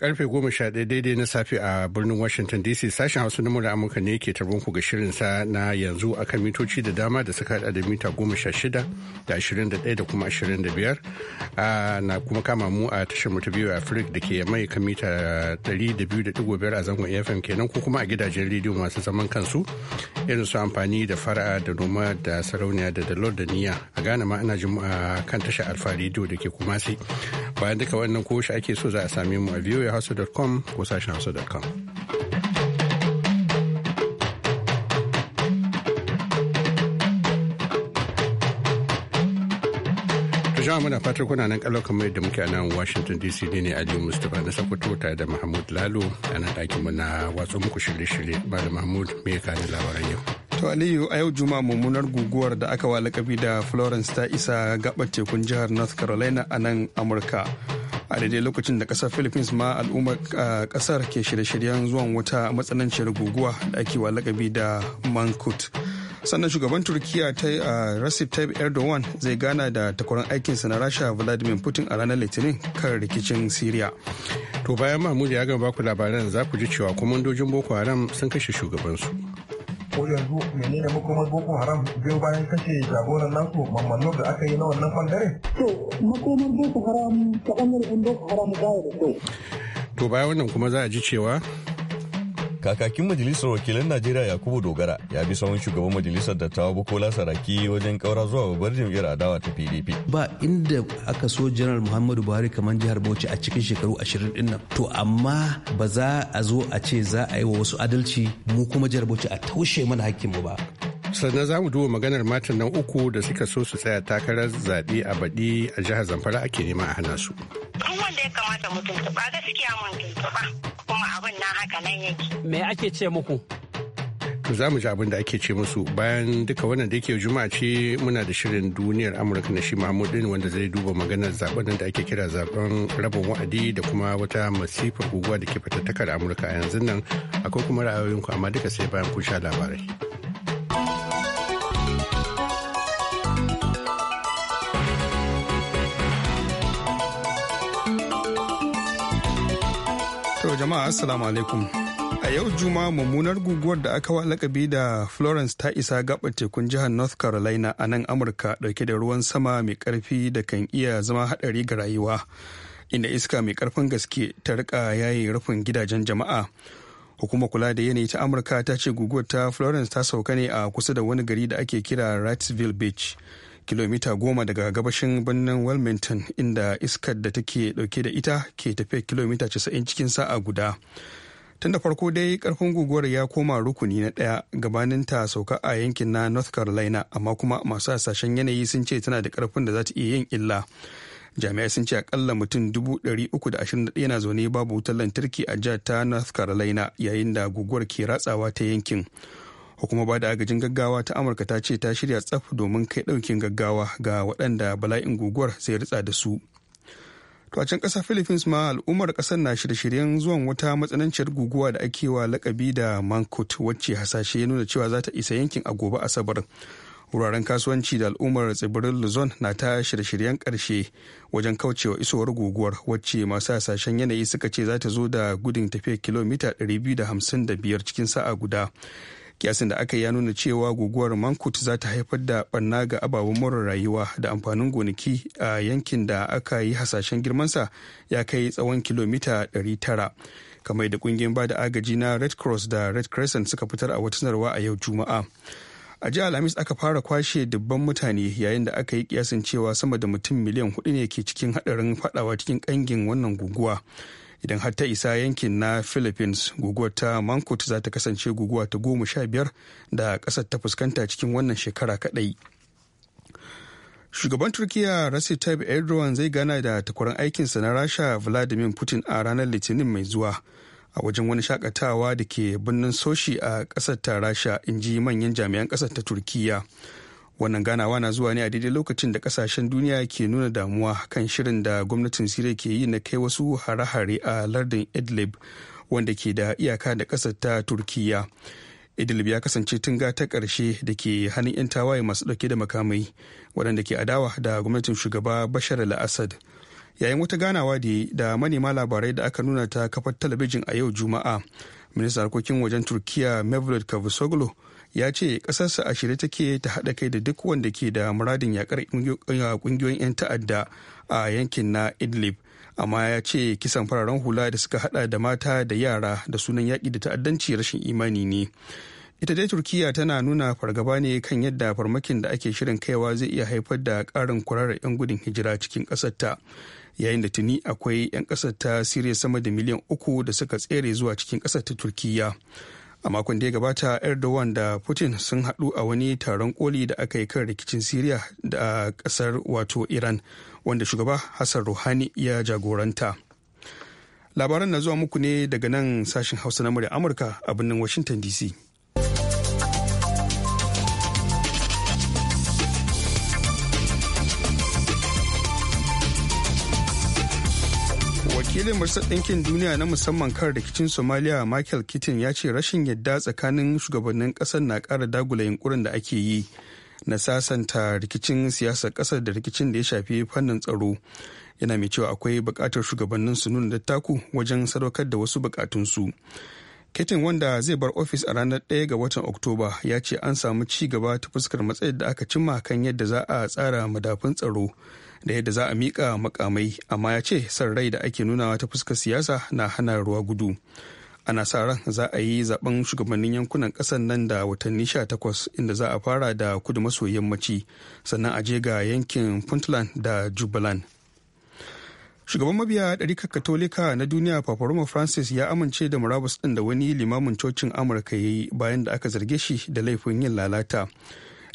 karfe goma sha ɗaya daidai na safe a birnin washington dc sashen hausa na murar amurka ne ke tarbon ku ga shirin sa na yanzu akan mitoci da dama da suka hada da mita goma sha shida da ashirin da ɗaya da kuma ashirin da biyar na kuma kama mu a tashar mutu biyu biyu afrik da ke mai kan mita ɗari da biyu da biyar a zangon fm kenan ko kuma a gidajen rediyo masu zaman kansu irin su amfani da fara'a da noma da sarauniya da dalor da niyya a ghana ma ana a kan tashar alfa rediyo da ke kumasi bayan duka wannan ko shi ake so za a same mu a biyu voahausa.com ko sashen hausa.com. jama'a muna fatar kuna nan kalau kamar yadda muke a nan washington dc ne ne ali mustapha na sakwato tare da mahmud lalo a nan ɗakin muna watsa muku shirye-shirye ba da mahmud me ka da labaran yau to aliyu a yau juma mummunar guguwar da aka wa lakabi da florence ta isa gabar tekun jihar north carolina a nan amurka a daidai lokacin da kasar philippines ma al'ummar kasar ke shirye-shiryen zuwan wata matsananciyar guguwa da ake wa lakabi da mankut sannan shugaban turkiya ta recep tayyip erdogan zai gana da takwarar aikinsa na rasha vladimir putin a ranar litinin kan rikicin syria to bayan mahmud ya gama baku labaran za ku ji cewa kwamandojin boko haram sun kashe shugabansu ko yanzu menene mai boko haram biyo bayan kace jagoran nan ko mamallo da aka yi na wannan bangare to makomar boko haram ta bangaren boko haram ga da kyau to bayan wannan kuma za a ji cewa Kakakin Majalisar Wakilan Najeriya Yakubu Dogara ya bi tsawon shugaban Majalisar Dattawa kola Saraki wajen kaura zuwa babbar jam'iyyar adawa ta PDP. Ba inda aka so Janar Muhammadu Buhari kamar jihar Bauchi a cikin shekaru ashirin din nan. To amma ba za a zo a ce za a yi wa wasu adalci mu kuma jihar Bauchi a taushe mana hakkin mu ba. sannan za mu duba maganar matan nan uku da suka so su tsaya takarar zaɓe a baɗi a jihar zamfara ake nema a hana su wanda ya kamata mu tuntuɓa gaskiya mun tuntuɓa kuma abin na haka nan yake. Me ake ce muku? za mu ji abin da ake ce musu bayan duka wannan da yake juma'a ce muna da shirin duniyar amurka na shi mahmudin wanda zai duba maganar zaben da ake kira zaben rabin wa'adi da kuma wata masifar guguwa da ke fatattakar amurka a yanzu nan akwai kuma ra'ayoyinku amma duka sai bayan kun sha labarai. jama'a assalamu alaikum. A yau juma mummunar guguwar da aka wa lakabi da Florence ta isa gaɓa tekun jihar North Carolina a nan Amurka dauke da ruwan sama mai karfi da kan iya zama hadari ga rayuwa. Inda iska mai karfin gaske ta rika yayi rufin gidajen jama'a. Hukumar kula da yanayi ta Amurka ta ce guguwar ta Florence ta sauka ne a kusa da wani gari da ake kira Wrightsville Beach. kilomita goma daga gabashin birnin wilmington inda iskar da take dauke da ita ke tafiya kilomita 90 cikin sa'a guda tun da farko dai karfin guguwar ya koma rukuni na daya gabanin ta sauka a yankin na north carolina amma kuma masu hasashen yanayi sun ce tana da karfin da za ta iya yin illa jami'ai sun ce akalla mutum dubu uku da ashirin 321 na zaune babu wutar lantarki a jihar ta north carolina yayin da guguwar ke ratsawa ta yankin hukumar bada agajin gaggawa ta amurka ta ce ta shirya tsaf domin kai daukin gaggawa ga waɗanda bala'in guguwar zai ritsa da su to a can ƙasar philippines ma al'ummar ƙasar na shirye-shiryen zuwan wata matsananciyar guguwa da ake wa lakabi da mankut wacce hasashe ya nuna cewa za ta isa yankin a gobe asabar wuraren kasuwanci da al'ummar tsibirin luzon na ta shirye-shiryen karshe wajen kaucewa isowar guguwar wacce masu hasashen yanayi suka ce za ta zo da gudun tafiya kilomita 255 cikin sa'a guda kiyasin da aka ya nuna cewa guguwar mankut za ta haifar da barna ga ababen more rayuwa da amfanin gonaki a yankin da aka yi hasashen girmansa ya kai tsawon kilomita 900 kamar da kungiyar bada agaji na red cross da red crescent suka fitar a wata sanarwa a yau juma'a a jiya alhamis aka fara kwashe dubban mutane yayin da aka yi kiyasin cewa sama da mutum miliyan hudu ne ke cikin hadarin faɗawa cikin ƙangin wannan guguwa idan har ta isa yankin na philippines guguwar ta mankut za ta kasance guguwa ta goma sha biyar da kasar ta fuskanta cikin wannan shekara kadai. shugaban turkiya recep tayyip erdogan zai gana da takwaran aikinsa na rasha vladimir putin a ranar litinin mai zuwa a wajen wani shakatawa da ke birnin soshi a kasar ta rasha in ji manyan jami'an kasar ta turkiya wannan ganawa na zuwa ne a daidai lokacin da kasashen duniya ke nuna damuwa kan shirin da gwamnatin siriya ke yi na kai wasu hare-hare a lardin idlib wanda ke da iyaka da kasar ta turkiya idlib ya kasance tunga ta karshe da ke hannun 'yan tawaye masu dauke da makamai waɗanda ke adawa da gwamnatin shugaba bashar al-assad yayin wata ganawa da manema labarai da aka nuna ta kafar talabijin a yau juma'a ministan harkokin wajen turkiya mevlut cavusoglu ya ce ƙasarsa a shirye take ta haɗa kai da duk wanda ke da muradin yakar eh, ƙungiyoyin 'yan ta'adda a yankin na idlib amma ya ce kisan fararen hula da suka haɗa da mata da yara da sunan yaƙi da ta'addanci rashin imani ne ita dai turkiya tana nuna fargaba ne kan yadda farmakin da ake shirin kaiwa zai iya haifar da ƙarin kurarar 'yan gudun hijira cikin ƙasarta yayin da tuni akwai 'yan ƙasarta ta siriya sama da miliyan uku da suka tsere zuwa cikin ƙasarta ta turkiya a makon da ya gabata erdogan da putin sun haɗu a wani taron koli da aka yi kan rikicin siriya da ƙasar wato iran wanda shugaba hassan ruhani ya jagoranta labaran na zuwa muku ne daga nan sashen hausa na murya amurka a birnin washington dc wakilin majalisar ɗinkin duniya na musamman kan rikicin somaliya michael kitin ya ce rashin yadda tsakanin shugabannin ƙasar na ƙara dagula yunkurin da ake yi na sasanta rikicin siyasar ƙasar da rikicin da ya shafi fannin tsaro yana mai cewa akwai buƙatar shugabannin su nuna dattaku wajen sadaukar da wasu buƙatunsu kitin wanda zai bar ofis a ranar 1 ga watan oktoba ya ce an samu ci gaba ta fuskar matsayin da aka cimma kan yadda za a tsara madafun tsaro da yadda za a miƙa makamai amma ya ce san rai da ake nunawa ta fuskar siyasa na hana ruwa gudu ana sa ran za a yi zaben shugabannin yankunan ƙasar nan da watanni 18 inda za a fara da kudu maso yammaci sannan a je ga yankin puntland da jubaland shugaban mabiya ɗarikar katolika na duniya papa francis ya amince da murabus ɗin da wani limamin cocin amurka ya yi bayan da aka zarge shi da laifin yin lalata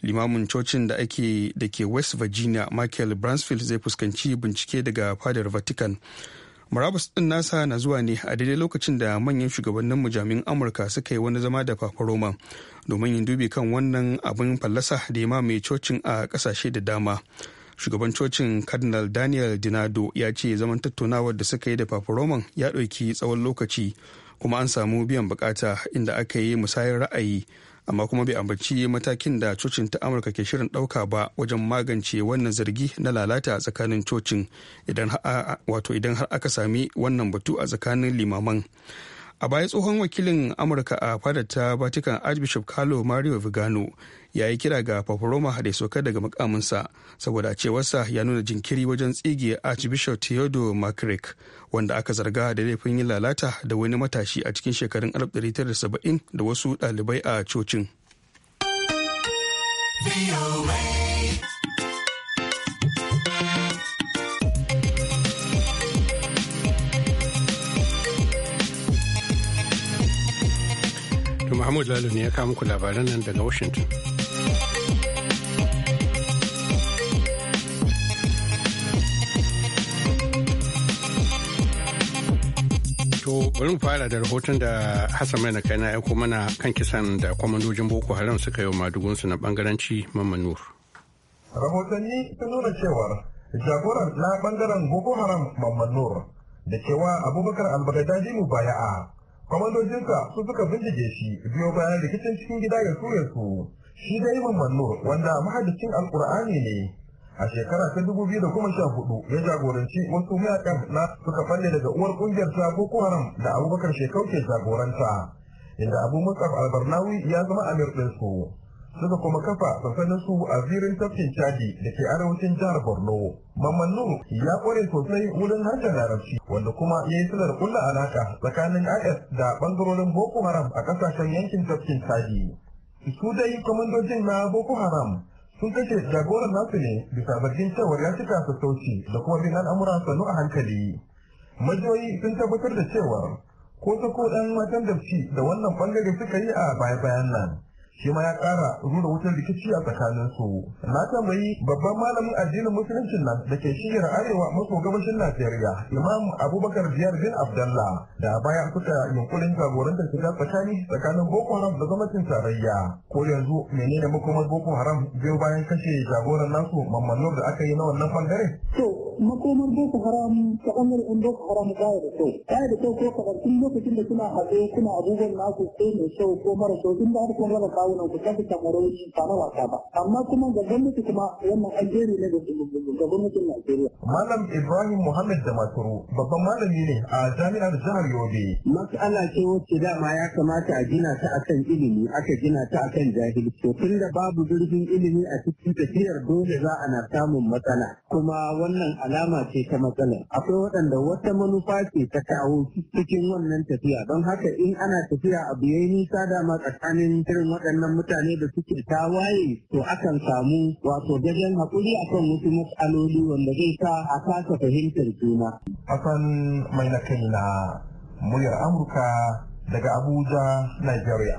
limamin cocin da ake da ke west virginia michael bransfield zai fuskanci bincike daga fadar vatican murabus din nasa na zuwa ne a daidai lokacin da manyan shugabannin mujamin amurka suka yi wani zama da fafaroma domin yin dubi kan wannan abin fallasa da ya mamaye cocin a kasashe da dama shugaban cocin cardinal daniel dinado ya ce zaman tattaunawar da suka yi da fafaroman ya ɗauki tsawon lokaci kuma an samu biyan bukata inda aka yi musayar ra'ayi amma kuma bai ambaci matakin da cocin ta amurka ke shirin ɗauka ba wajen magance wannan zargi na lalata a tsakanin cocin idan har aka sami wannan batu a tsakanin limaman a baya tsohon wakilin amurka a fadar ta vatican archbishop carlo mario vigano ya yi kira ga paparoma da soka daga makaminsa saboda cewarsa ya nuna jinkiri wajen tsige archbishop theodo macrick wanda aka zarga da laifin yin lalata da wani matashi a cikin shekarun 1970 da wasu ɗalibai a cocin. Mahmud Lalo ne ya kawo muku labaran nan daga Washington. To bari mu fara da rahoton da Hassan Mai kai na aiko mana kan kisan da kwamandojin Boko Haram suka yi wa madugunsu na bangaranci Mamanur. Rahotanni sun nuna cewar jagoran na bangaren Boko Haram Mamanur da cewa Abubakar Albagadaji Mubaya'a kwamandojinsa su suka bindige shi biyo bayan rikicin cikin gida ya ture su shi da ibn mannur wanda mahadicin alkur'ani ne a shekara ta dubu biyu da kuma sha hudu ya jagoranci wasu mayakan na suka falle daga uwar kungiyar ta boko haram da abubakar shekau ke jagoranta inda abu musaf albarnawi ya zama amir ɗinsu suka kuma kafa su a zirin tafkin chadi da ke arewacin jihar borno mamman nur ya kware sosai wurin harshen larabci wanda kuma ya yi silar kulla alaka tsakanin is da bangarorin boko haram a ƙasashen yankin tafkin chadi su dai kwamandojin na boko haram sun kashe jagoran nasu ne bisa zargin cewar ya cika sassauci da kuma bin al'amura sannu a hankali majiyoyi sun tabbatar da cewar ko ta ko ɗan matan da da wannan bangare suka yi a baya-bayan nan shi ma ya kara rura wutar rikici a tsakanin su na tambayi babban malamin addinin musuluncin nan da ke shiyar arewa maso gabashin najeriya imam abubakar biyar bin abdallah da baya kusa yunkurin jagorantar shiga tsakani tsakanin boko haram da gwamnatin tarayya ko yanzu menene makomar boko haram biyu bayan kashe jagoran nasu mamman da aka yi na wannan bangare to makomar boko haram ta bangaren yan boko haram baya da kyau baya da kyau ko kamar tun lokacin da kuna haɗe kuna abubuwan naku ko mai kyau ko mara kyau tun da har kun raba nan ku tafi tamarauci ba na wasa ba amma kuma ga gwamnati kuma wannan alheri ne ga gwamnatin Najeriya. Malam Ibrahim Muhammad da Maturu babban malami ne a jami'ar jihar Yobe. Mas'ala ce wacce dama ya kamata a gina ta akan ilimi aka gina ta akan jahilci tunda babu zurfin ilimi a cikin tafiyar dole za ana samun matsala kuma wannan alama ce ta matsalar akwai waɗanda wata manufa ce ta kawo cikin wannan tafiya don haka in ana tafiya a yayi nisa dama tsakanin irin waɗannan mutane da suke tawaye to akan samu wato gajen haƙuri akan wasu matsaloli wanda zai sa a kasa fahimtar juna. Hassan mai na kai na muryar Amurka daga Abuja, Nigeria.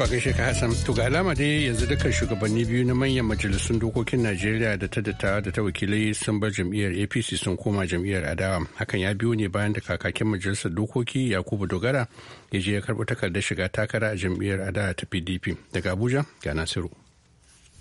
To ga gaishe ka Hassan, to ga alama dai yanzu dukkan shugabanni biyu na manyan majalisun dokokin Najeriya da ta dattawa da ta wakilai sun bar jam'iyyar APC sun koma jam'iyyar adawa. Hakan ya biyo ne bayan da kakakin majalisar dokoki Yakubu Dogara ya je ya karɓi takardar shiga takara a jam'iyyar adawa ta PDP. Daga Abuja ga Nasiru.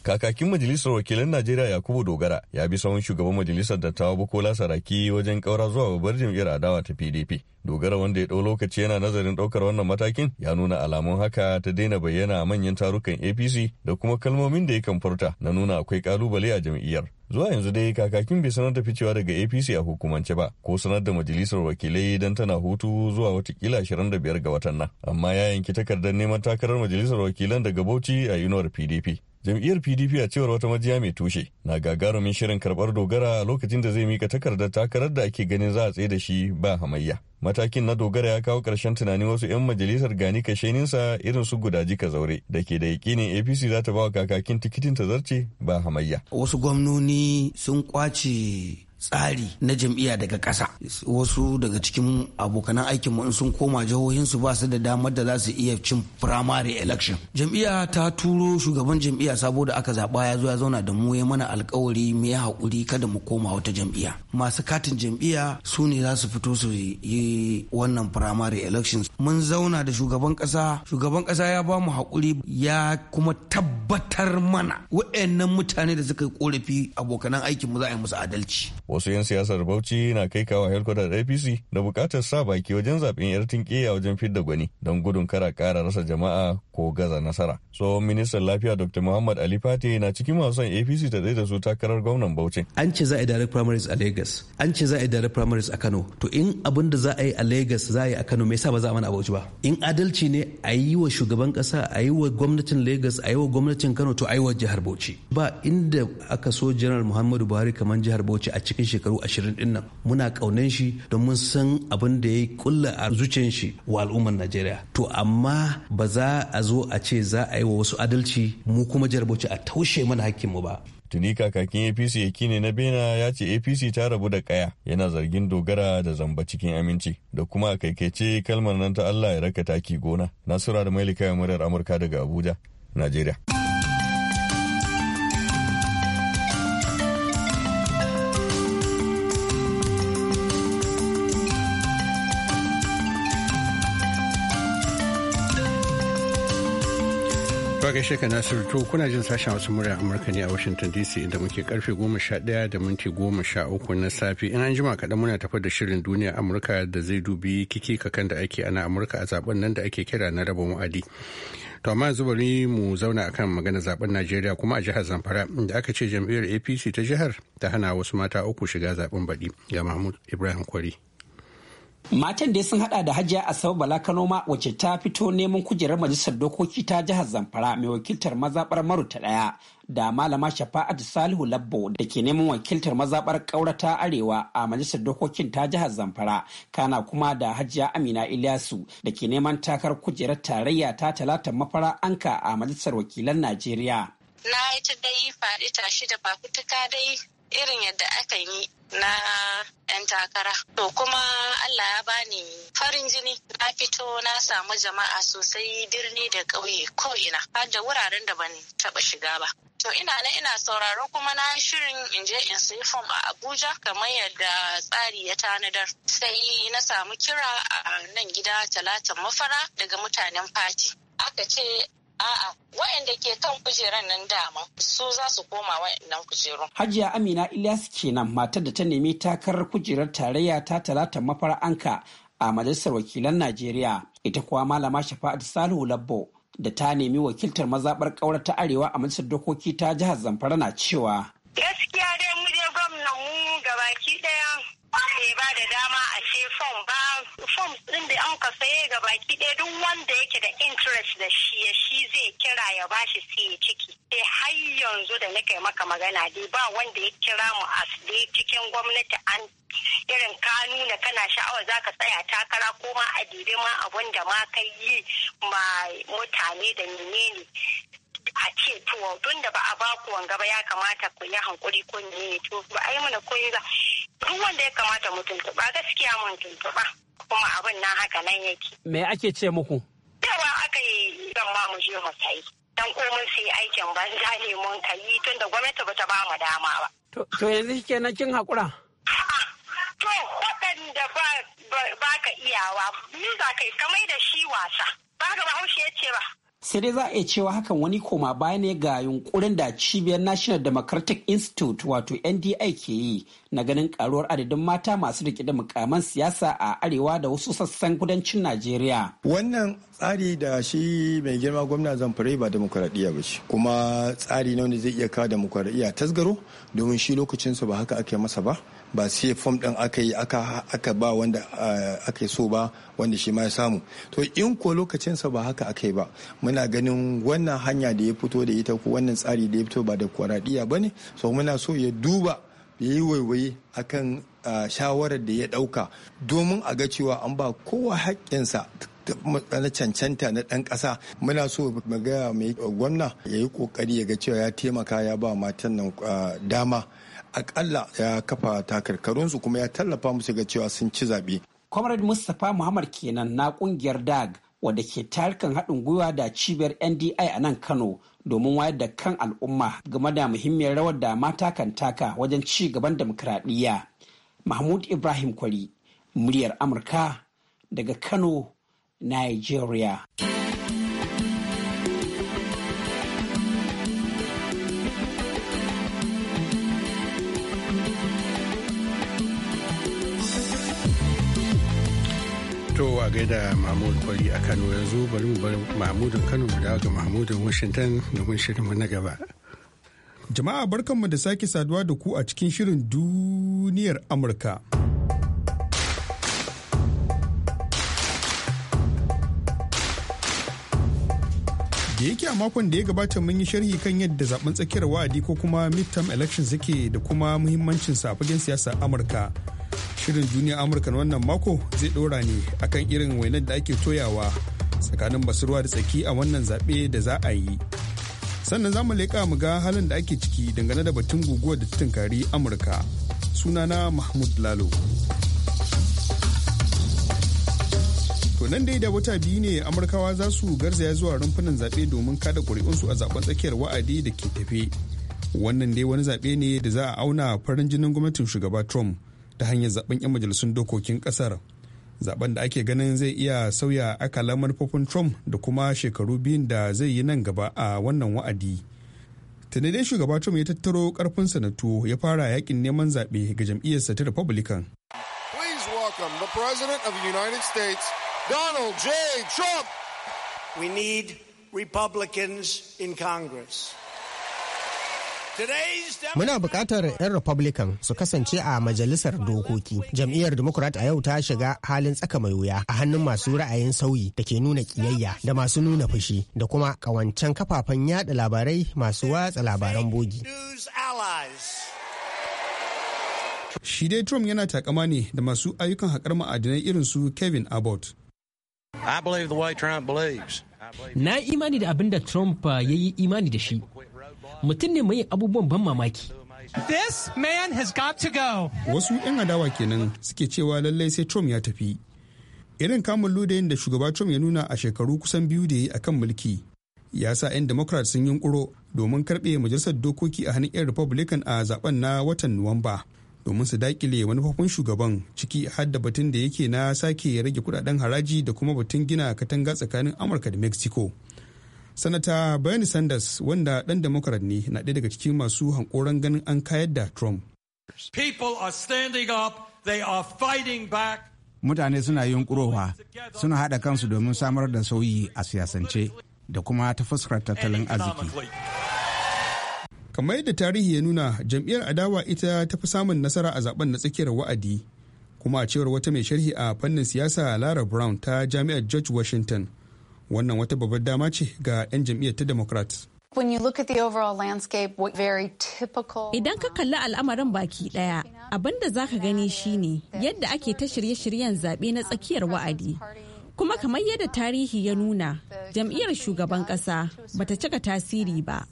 Kakakin Majalisar Wakilan Najeriya Yakubu Dogara ya bi sahun shugaban Majalisar Dattawa Bukola Saraki wajen kaura zuwa babbar jam'iyyar adawa ta PDP. Dogara wanda ya ɗau lokaci yana nazarin ɗaukar wannan matakin ya nuna alamun haka ta daina bayyana a manyan tarukan APC da kuma kalmomin da ya kan furta na nuna akwai kalubale a jam'iyyar. Zuwa yanzu dai kakakin bai sanar da ficewa daga APC a hukumance ba ko sanar da majalisar wakilai don tana hutu zuwa watakila 25 ga watan nan. Amma ya yanki takardar neman takarar majalisar wakilan daga Bauchi a Inuwar PDP. jam'iyyar pdp a cewar wata majiya mai tushe na gagarumin shirin karbar dogara lokacin da zai mika takardar takarar da ake ganin za a tsaye da shi ba hamayya matakin na dogara ya kawo ƙarshen tunanin wasu 'yan majalisar gani kasheninsa irin su gudaji ka zaure da ke da yakinin apc za ta ba wa kakakin tikitin ta zarce ba hamayya wasu gwamnoni sun kwace tsari na jam'iyya daga ƙasa wasu daga cikin abokanan aikin mu in sun koma jihohinsu ba su da damar da za su iya cin primary election jam'iyya ta turo shugaban jam'iyya saboda aka zaba ya zo ya zauna da mu ya mana alkawari mu ya haƙuri kada mu koma wata jam'iyya masu katin jam'iyya su ne za su fito su yi wannan primary elections mun zauna da shugaban ƙasa shugaban ƙasa ya ba mu haƙuri ya kuma tabbatar mana wa'annan mutane da suka yi korafi abokanan aikinmu mu za a yi musu adalci wasu 'yan siyasar bauchi na kai kawo helkwatar apc da bukatar sa baki wajen zaben yar tinkiya wajen fidda gwani don gudun kara kara rasa jama'a ko gaza nasara tsohon ministan lafiya dr muhammad ali fati na cikin masu son apc ta zai da su takarar gwamnan bauchi an ce za a yi direct primaries a lagos an ce za a yi direct primaries a kano to in abin da za a yi a lagos za a yi a kano me yasa ba za a mana bauchi ba in adalci ne a yi wa shugaban kasa a yi wa gwamnatin lagos a yi wa gwamnatin kano to a yi wa jihar bauchi ba inda aka so janar muhammadu buhari kamar jihar bauchi a cikin cikin shekaru ashirin din nan muna kaunan shi don mun san abin da ya yi kulla a zuciyar shi wa al'ummar najeriya to amma ba za a zo a ce za a yi wa wasu adalci mu kuma jarabauci a taushe mana hakkin mu ba tuni kakakin apc yakine na bena ya ce apc ta rabu da kaya yana zargin dogara da zamba cikin aminci da kuma a kaikaice kalmar nan ta allah ya raka taki gona nasura da mailika murar amurka daga abuja najeriya a gaishe ka Nasiru to kuna jin sashen wasu murya Amurka ne a Washington DC inda muke karfe 11 da minti 13 na safe in an jima kaɗan muna tafar da shirin duniya Amurka da zai dubi kiki kakan da ake ana Amurka a zaɓen nan da ake kira na rabon wa'adi. to amma yanzu bari mu zauna akan magana zaben najeriya kuma a jihar zamfara da aka ce jam'iyyar apc ta jihar ta hana wasu mata uku shiga zaben baɗi ga mahmud ibrahim kwari Matan dai sun hada da Hajiya Asabe Bala Kanoma wacce ta fito neman kujerar majalisar dokoki ta jihar Zamfara mai wakiltar mazabar maruta ɗaya? daya da malama Shafa'atu Salihu Labbo da ke neman wakiltar mazabar Kaura ta Arewa a majalisar dokokin ta jihar Zamfara kana kuma da Hajiya Amina Ilyasu da ke neman takar kujerar tarayya ta talatan mafara anka a majalisar wakilan Najeriya. Na yi ta dai faɗi tashi da fafutuka dai irin yadda aka yi na 'yan takara. To kuma Allah ya bani farin jini na fito na samu jama'a sosai birni da ƙauye ko ina. har da wuraren da ban taɓa shiga ba. To ina na ina sauraro kuma na shirin in je in sayi fom a Abuja kamar yadda tsari ya tanadar. Sai na samu kira a nan gida talatin mafara daga mutanen fati. Aka ce A'a, waɗanda ke kan kujeran nan dama su za su koma waɗannan kujeru. Hajiya Amina Ilyas kenan matar da ta nemi takarar kujerar tarayya ta Talatan mafara anka a majalisar wakilan Najeriya. Ita kuwa malama Shafa'atu Salihu Labbo da ta nemi wakiltar mazaɓar ƙaurar ta Arewa a majalisar dokoki ta jihar Zamfara na cewa forms din da an ka saye ga baki ɗaya duk wanda yake da interest da shi ya shi zai kira ya bashi sai ya ciki sai eh, har yanzu da na kai maka magana dai ba wanda ya kira mu a cikin gwamnati an irin ka nuna kana sha'awa za ka tsaya takara ko ma a dibe ma abun da ma kai yi ma mutane da menene a ce to tun da ba a ba ku wanga ba ya kamata ku yi hankuri ko ne to ba a yi mana koyi ba duk wanda ya kamata mu tuntuɓa gaskiya mun tuntuɓa kuma abin na haka nan yake. Me ake ce muku? Yawa aka yi zan ma mu je mu sayi. Dan komai sai aikin banza ne mun kai tun da gwamnati ba ta ba mu dama ba. To yanzu shi na kin haƙura? To waɗanda ba ka iyawa, ni za kai yi kamai da shi wasa. Ba ka ba haushe ya ce ba. sai dai za a iya cewa hakan wani koma baya ne ga yunkurin da cibiyar national democratic institute wato ndi ke yi na ganin karuwar adadin mata masu rike da mukaman siyasa a arewa da wasu sassan kudancin najeriya wannan tsari da shi mai girma gwamna zamfari ba demokuraɗiyya ba shi kuma tsari ne wanda zai iya kawo demokuraɗiyya tasgaro domin shi lokacinsu ba haka ake masa ba ba sai fom ɗin aka yi aka ba wanda eh, aka so ba wanda shi ma ya samu to in ko lokacinsa ba haka aka yi ba muna ganin wannan hanya da ya fito da ita ko wannan tsari da ya fito ba da kwaradiya ba ne so muna so ya duba ya yi waiwaye akan eh, shawarar da ya ɗauka domin a ga cewa an ba kowa haƙƙinsa na cancanta na ɗan ƙasa muna so mu ga mai gwamna ya yi ƙoƙari ya ga cewa ya taimaka ya ba matan nan eh, dama akalla ya kafa takarkarunsu kuma ya tallafa musu ga cewa sun ci zaɓe. comrade mustapha muhammad kenan na kungiyar dag wadda ke tarikan haɗin gwiwa da cibiyar ndi a nan kano domin wayar da kan al'umma game da muhimmiyar rawar da mata kan taka wajen ci gaban demokradiyya mahmud ibrahim kwari muryar amurka daga kano nigeria To a gaida Mahmud Kwari a Kano yanzu bari mu bar Mahmudin Kano mu dawo ga Mahmudin Washington domin mu na gaba. Jama'a barkanmu da sake saduwa da ku a cikin shirin duniyar Amurka. da yake a makon da ya gabata mun yi sharhi kan yadda zaben tsakiyar wa'adi ko kuma midterm elections yake da kuma muhimmancin sa fagen siyasar amurka Shirin duniya Amurka wannan mako zai ɗora ne akan irin wainar da ake toyawa tsakanin basu ruwa da tsaki a wannan zaɓe da za a yi. Sannan za mu leƙa mu ga halin da ake ciki dangane da batun guguwar da ta tunkari Amurka. Sunana Mahmud Lalo. To nan dai da wata biyu ne Amurkawa za su garzaya zuwa rumfunan zaɓe domin kada ƙuri'unsu a zaben tsakiyar wa'adi da ke tafe. Wannan dai wani zaɓe ne da za a auna farin jinin gwamnatin shugaba Trump ta hanyar zaben 'yan majalisun dokokin kasar zaben da ake ganin zai iya sauya akalar manufofin trump da kuma shekaru biyun da zai yi nan gaba a wannan wa'adi tuni dai shugaba trump ya tattaro karfin sanatu ya fara yakin neman zaɓe ga jam'iyyarsa ta republican Donald Trump. We need Republicans in Congress. Muna bukatar 'yan Republican su kasance a majalisar dokoki. Jam'iyyar Democrat a yau ta shiga halin tsaka mai wuya a hannun masu ra'ayin sauyi da ke nuna ƙiyayya da masu nuna fushi da kuma ƙawancen kafafen yada labarai masu watsa labaran bogi. Shi dai Trump yana takama ne da masu ayyukan haƙar ma'adinai irin su Kevin Abbott. I believe Na imani da abin da Trump uh, ya yi imani da shi. mutum ne mai abubuwan ban mamaki This man has got to go. Wasu 'yan adawa kenan suke cewa lallai sai Trump ya tafi. Irin kamun ludayin da shugaba Trump ya nuna a shekaru kusan biyu da ya yi kan mulki ya sa 'yan Democrat sun yunkuro domin karɓe majalisar dokoki a hannun 'yan Republican a zaben na watan Nuwamba. domin su dakile manufofin shugaban ciki har da batun da yake na sake rage kudaden haraji da kuma batun gina katanga tsakanin amurka da mexico sanata bernie sanders wanda 'dan democrat ne na ɗaya daga cikin masu hankoran ganin an kayar da trump standing back mutane suna yunkurowa suna haɗa kansu domin samar da sauyi a siyasance da kuma ta fuskar tattalin arziki kamar yadda tarihi ya nuna jam'iyyar adawa ita ta fi samun nasara a zaben na tsakiyar wa'adi kuma a cewar wata mai sharhi a fannin siyasa lara brown ta jami'ar george washington wannan wata babbar dama ce ga 'yan jam'iyyar ta democrats Idan ka kalli al'amarin baki ɗaya, abin da za ka gani shine yadda ake ta shirye-shiryen zaɓe na tsakiyar wa'adi. Kuma kamar yadda tarihi ya nuna, jam'iyyar shugaban ƙasa bata cika tasiri ba.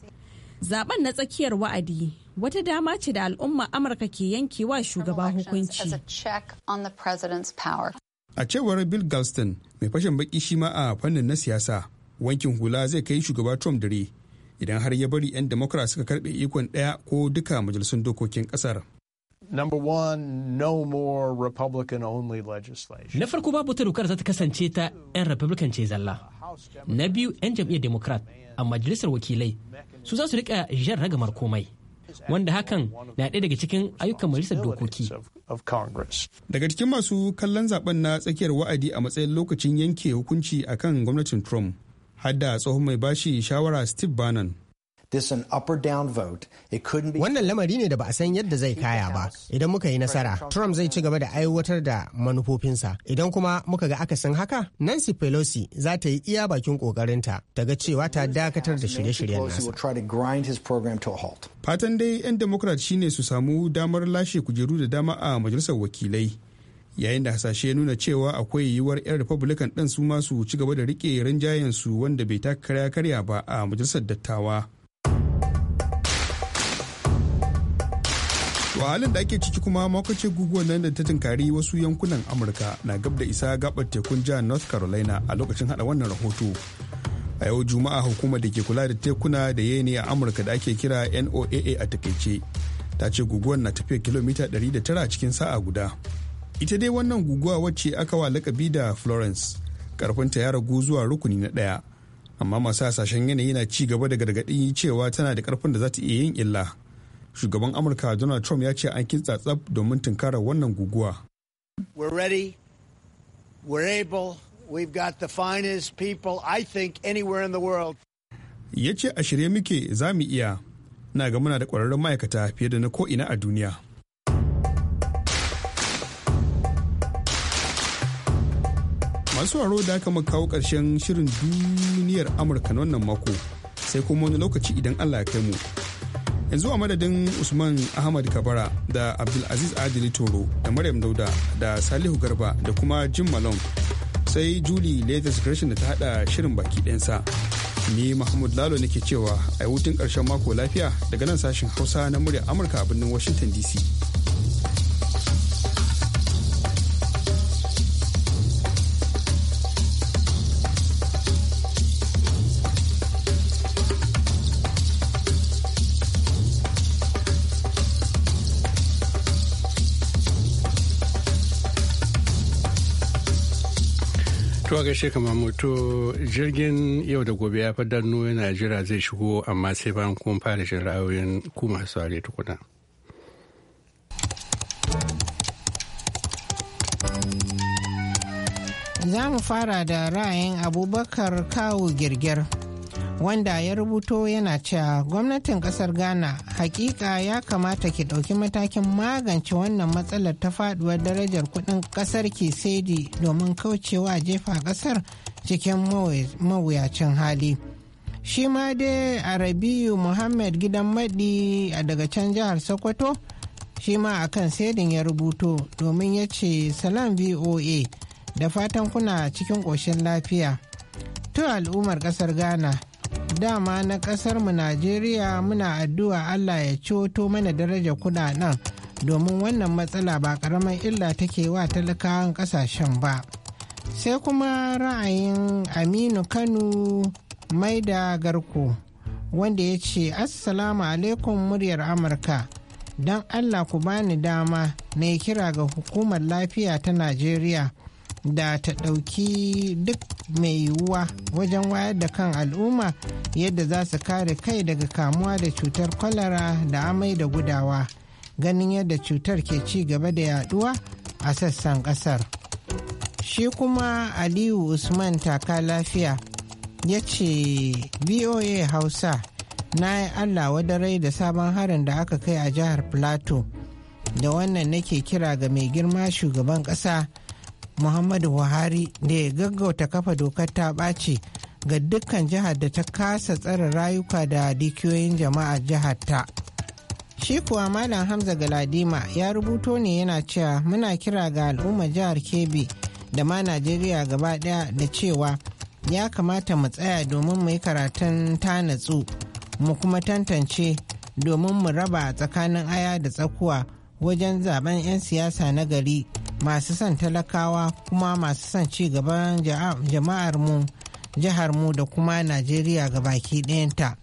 Zaben na tsakiyar wa'adi wata dama ce da al'umma Amurka ke yankewa shugaba hukunci. A cewar Bill Galston, mai fashin baki shi ma a fannin na siyasa wankin hula zai kai shugaba trump dare idan har ya bari 'yan democrat suka karbe ikon daya ko duka majalisun dokokin kasar. Number one, no more Republican only legislation. Na farko babu ta dokar za ta kasance ta 'yan Republican ce zalla. Na biyu 'yan jam'iyyar Democrat a majalisar wakilai su za su rika jan ragamar komai. wanda hakan na ɗaya daga cikin ayyukan majalisar dokoki. Daga cikin masu kallon zaben na tsakiyar wa'adi a matsayin lokacin yanke hukunci akan gwamnatin Trump, hadda tsohon mai bashi shawara Steve Bannon. This an up or down vote. It couldn't be. Wannan lamari ne da ba a san yadda zai kaya ba. Idan muka yi nasara, Trump zai ci gaba da aiwatar da manufofinsa. Idan kuma muka ga akasin haka, Nancy Pelosi za ta yi iya bakin kokarinta ta ga cewa ta dakatar da shirye-shiryen nasa. Fatan dai 'yan Democrat shine su samu damar lashe kujeru da dama a majalisar wakilai. Yayin da hasashe nuna cewa akwai yiwuwar 'yan Republican ɗin su masu ci gaba da riƙe rinjayen su wanda bai taka karya ba a majalisar dattawa. To da ake ciki kuma makwace guguwar nan da ta tunkari wasu yankunan Amurka na gab da isa gabar tekun jihar North Carolina a lokacin hada wannan rahoto. A yau Juma'a hukumar da ke kula da tekuna da yene a Amurka da ake kira NOAA a takaice. Ta ce guguwar na tafiya kilomita 109 cikin sa'a guda. Ita dai wannan guguwa wacce aka wa lakabi da Florence. Karfinta ya ragu zuwa rukuni na ɗaya. Amma masu hasashen yanayi na ci gaba da gargaɗi cewa tana da karfin da za ta iya yin illa. shugaban amurka donald trump ya ce an kintsa tsaf domin tunkarar wannan guguwa we're ready we're able we've got the finest people i think anywhere in the world ya ce a shirye muke za mu iya na ga muna da ƙwararrun ma'aikata fiye da na ko'ina a duniya masu aro da aka kawo ƙarshen shirin duniyar amurka na wannan mako sai kuma wani lokaci idan allah ya kai mu yanzu a madadin usman ahmad kabara da abdulaziz adili toro da maryam dauda da salihu garba da kuma jim malone sai julie latest gresham da ta hada shirin baki ɗansa ni mahmud lalo nake cewa a hutun ƙarshen mako lafiya daga nan sashen hausa na murya amurka a birnin washington dc Tuwa gaishe kamar mutu jirgin yau da gobe ya fadar yana jira zai shigo amma sai bayan kun fara jin ra'ayoyin ku masu tukuna. Za mu fara da ra'ayin abubakar kawu girgir. wanda ya rubuto yana cewa gwamnatin kasar ghana hakika ya kamata ki ɗauki matakin magance wannan matsalar ta faduwar darajar kudin kasar saidi domin kaucewa jefa kasar cikin mawuyacin hali shi ma dai arabiyu muhammad gidan maɗi daga can jihar sokoto shi ma a kan saidin ya rubuto domin ya ce salam voa da fatan kuna cikin ƙoshin lafiya to al'ummar ƙasar ghana dama na kasar mu Najeriya muna addu'a Allah ya coto mana daraja kudaden domin wannan matsala ba karamin illa take wa talakawan kasashen ba. Sai kuma ra'ayin Aminu Kano mai da garko wanda ya ce Assalamu alaikum muryar Amurka. Don Allah ku bani dama na kira ga hukumar lafiya ta Najeriya da ta ɗauki duk mai yiwuwa wajen wayar da kan al'umma yadda za su kare kai daga kamuwa da cutar kwalara da amai da gudawa ganin yadda cutar ke ci gaba da yaduwa a sassan kasar shi kuma aliyu usman taka lafiya ya ce boa hausa na yi allah wadarai da sabon harin da aka kai a jihar plateau da wannan nake kira ga mai girma shugaban kasa muhammadu buhari da ya gaggauta kafa dokar ta ɓaci ga dukkan jihar da ta kasa tsare rayuka da dukiyoyin jama'a jihar ta shi kuwa malam hamza galadima ya rubuto ne yana cewa muna kira ga al'ummar jihar kebbi da ma najeriya gaba daya da cewa ya kamata mu tsaya domin mu yi karatun ta natsu mu kuma tantance domin mu raba tsakanin aya da tsakuwa wajen zaben 'yan siyasa na gari masu son talakawa kuma masu son ci gaban jama'ar mu jihar mu da kuma najeriya ga baki ɗayanta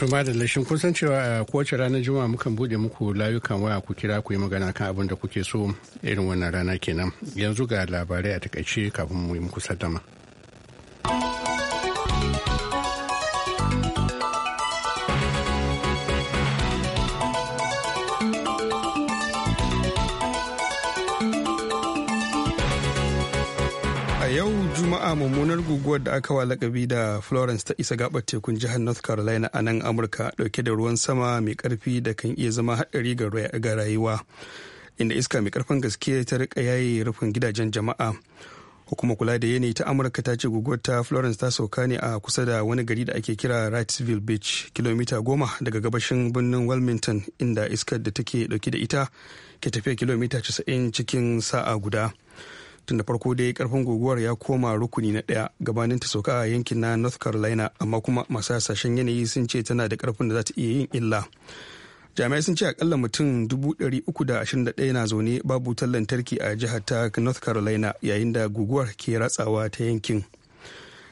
to da lashin kun san cewa a eh, kowace ranar juma'a mukan bude muku layukan waya ku kira ku yi magana kan abin da kuke so irin wannan rana kenan yanzu ga labarai a takaice kafin mu yi muku sadama. mummunar guguwar da aka wa lakabi da florence ta isa gabar tekun jihar north carolina a nan amurka dauke da ruwan sama mai karfi da kan iya zama haɗari ga rayuwa inda iska mai karfin gaske ta rika yayi rufin gidajen jama'a hukumar kula da yanayi ta amurka ta ce guguwar ta florence ta sauka ne a kusa da wani gari da ake kira rightsville beach kilomita goma daga gabashin birnin wilmington inda iskar da take dauke da ita ke tafiya kilomita 90 cikin sa'a guda tun da farko dai karfin guguwar ya koma rukuni na daya gabanin ta sauka a yankin na north carolina amma kuma masu hasashen yanayi sun ce tana da karfin da za ta iya yin illa jami'ai sun ce akalla mutum 321 na zaune babu wutar lantarki a jihar ta north carolina yayin da guguwar ke ratsawa ta yankin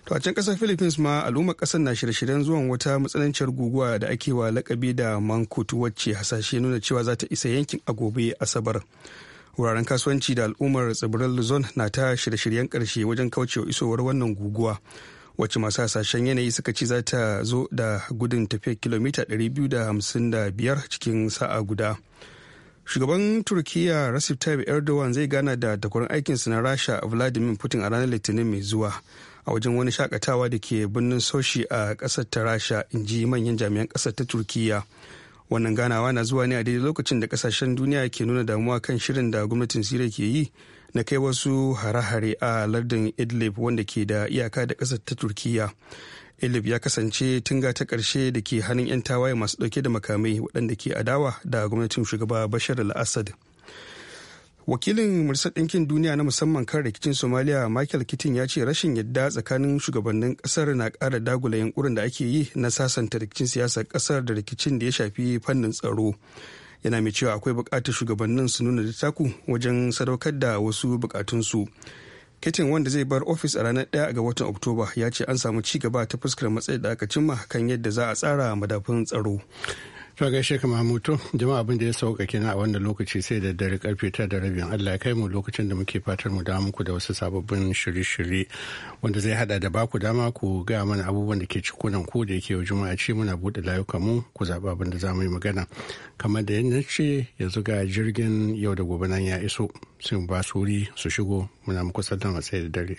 to kasar philippines ma al'ummar kasar na shirye-shiryen zuwan wata matsananciyar guguwa da ake wa lakabi da mankutu wacce hasashe nuna cewa za ta isa yankin a gobe asabar wuraren kasuwanci da al'ummar tsibirin luzon na ta shirye-shiryen karshe wajen kaucewa isowar wannan guguwa wacce masu hasashen yanayi suka ci za ta zo da gudun tafiya kilomita 255 cikin sa'a guda shugaban turkiya rasif tayyip erdogan zai gana da takwarar aikinsa na rasha vladimir putin a ranar litinin mai zuwa a wajen wani shakatawa da ke birnin soshi a kasar ta rasha in ji manyan jami'an kasar ta turkiya wannan ganawa na zuwa ne a daidai lokacin da kasashen duniya ke nuna damuwa kan shirin da gwamnatin siriya ke yi na kai wasu hare-hare a lardin idlib wanda ke da iyaka da ƙasar ta turkiya idlib ya kasance tunga ta ƙarshe da ke hannun 'yan tawaye masu ɗauke da makamai waɗanda ke adawa da gwamnatin shugaba bashar al-assad wakilin murisar ɗinkin duniya na musamman kan rikicin somaliya michael kitin ya ce rashin yadda tsakanin shugabannin ƙasar na ƙara dagula yankurin da ake yi na sasanta rikicin siyasar ƙasar da rikicin da ya shafi fannin tsaro yana mai cewa akwai bukatar shugabannin su nuna littaku wajen sadaukar da wasu buƙatunsu kitin wanda zai bar ofis a ranar 1 ga watan oktoba ya ce an samu ci gaba ta fuskar matsayi da aka cimma kan yadda za a tsara madafun tsaro To gaishe ka Mamuto, jama'a abin da ya sauka kenan a wannan lokaci sai da dare karfe ta da rabin Allah ya kai mu lokacin da muke fatar mu damu muku da wasu sababbin shirye-shirye wanda zai hada da baku dama ku ga mana abubuwan da ke cikunan ko da yake yau juma'a ce muna bude layukan mu ku zaba abin da za mu yi magana. Kamar da yadda ce yanzu ga jirgin yau da gobe nan ya iso sai mu ba su wuri su shigo muna muku sallama sai da dare.